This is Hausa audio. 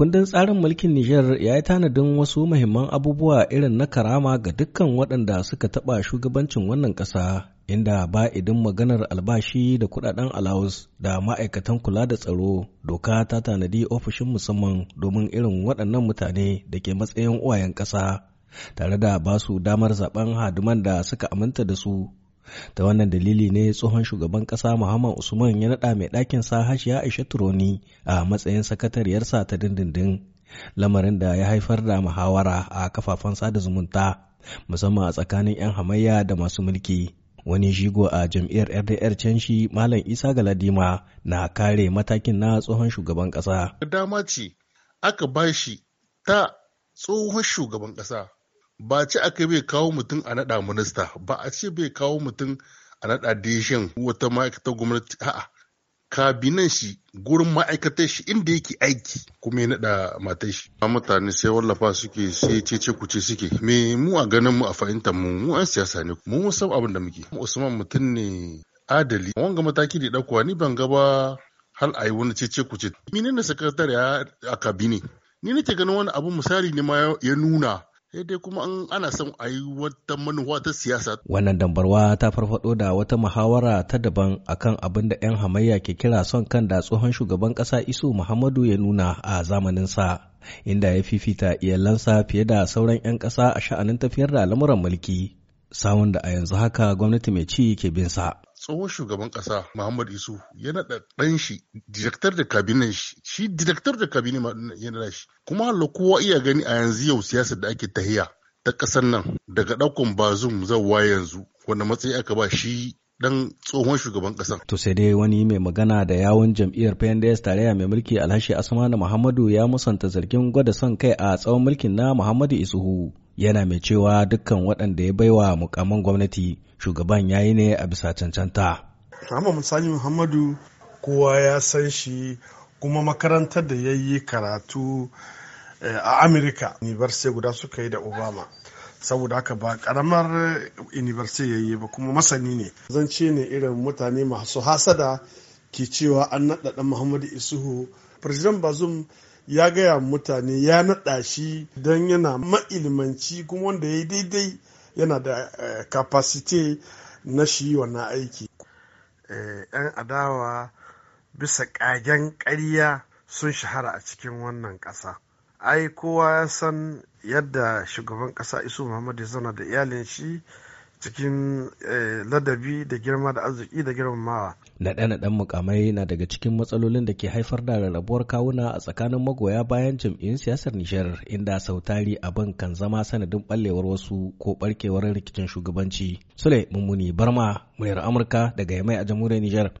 Kundin tsarin mulkin Nijar ya yi tanadin wasu mahimman abubuwa irin na karama ga dukkan waɗanda suka taɓa shugabancin wannan ƙasa inda ba idin maganar albashi da kudaden alawus da ma'aikatan kula da tsaro doka ta tanadi ofishin musamman domin irin waɗannan mutane da ke matsayin uwayen ƙasa tare da ba su damar zaben haduman da suka aminta da su Ta wannan dalili ne tsohon shugaban ƙasa Muhammad Usman ya naɗa mai ɗakin sa Hashiya Aisha Turoni a matsayin sakatariyarsa ta dindindin. Lamarin da ya haifar da muhawara a kafafen sada zumunta musamman a tsakanin 'yan hamayya da masu mulki. wani shigo a jam'iyyar rdr canshi malam isa galadima na kare matakin na tsohon shugaban kasa dama ce aka ba shi ta tsohon shugaban kasa ba ce aka bai kawo mutum a naɗa minista ba a ce bai kawo mutum a naɗa dishin wata ma'aikatar gwamnati a'a kabinan shi gurin ma'aikatar shi inda yake aiki kuma ya naɗa matar shi ba mutane sai wallafa suke sai cece kuce suke me mu a ganin mu a fahimtar mu mu an siyasa ne mu mun san abin da muke usman mutum ne adali wanga mataki da ɗaukowa ni ban gaba hal a yi wani cece kuce na sakatare a kabine ni nake ganin wani abu misali ne ma ya nuna sai dai kuma an ana son a yi wata manuwa ta siyasa. Wannan dambarwa ta farfado da wata muhawara ta daban akan abin da 'yan hamayya ke kira son kan da tsohon shugaban ƙasa Isu Muhammadu ya nuna a zamaninsa. Inda ya fifita iyalansa fiye da sauran 'yan ƙasa a sha'anin tafiyar da lamuran mulki. samun da a yanzu haka gwamnati mai ci ke bin sa. tsohon shugaban kasa Muhammad Isu ya naɗa ɗan shi director da cabinet shi shi director da kabinan ya naɗa shi kuma hallo kowa iya gani a yanzu yau siyasar da ake tahiya ta ƙasar nan daga ɗaukan bazum zawa yanzu wanda matsayi aka ba shi dan tsohon shugaban kasa To sai dai wani mai magana da yawon jam'iyyar PNDS tarayya mai mulki Alhashi Asmanu Muhammadu ya musanta zargin gwada son kai a tsawon mulkin na Muhammadu Isuhu. yana mai cewa dukkan waɗanda ya baiwa mukamman gwamnati shugaban ya yi ne a bisa cancanta. Muhammad Musani Muhammadu kowa ya san shi kuma makarantar da ya yi karatu eh, a Amerika. Universe guda suka yi da Obama. saboda haka ba karamar university ya yi ba kuma masani ne zan ce ne irin mutane masu hasada ke cewa an naɗaɗa muhammadu isuhu president bazum ya gaya mutane ya naɗa shi don yana ma'ilmanci kuma wanda ya daidai yana da kapasite eh, na shi wannan aiki. Eh, yan adawa bisa ƙagen ƙarya sun shahara a cikin wannan ƙasa. ai kowa ya san yadda shugaban ƙasa isu muhammadu zana da iyalin shi cikin eh, ladabi da girma da arziki da girmamawa. Naɗe-naɗen mukamai na daga cikin matsalolin da ke haifar da rarrabuwar kawuna a tsakanin magoya bayan jam'iyyun siyasar Nijar inda sautari abin kan zama sanadin ɓallewar wasu ko ɓarkewar rikicin shugabanci. Sule Mummuni Barma, muryar Amurka daga Yamai a jamhuriyar Nijar.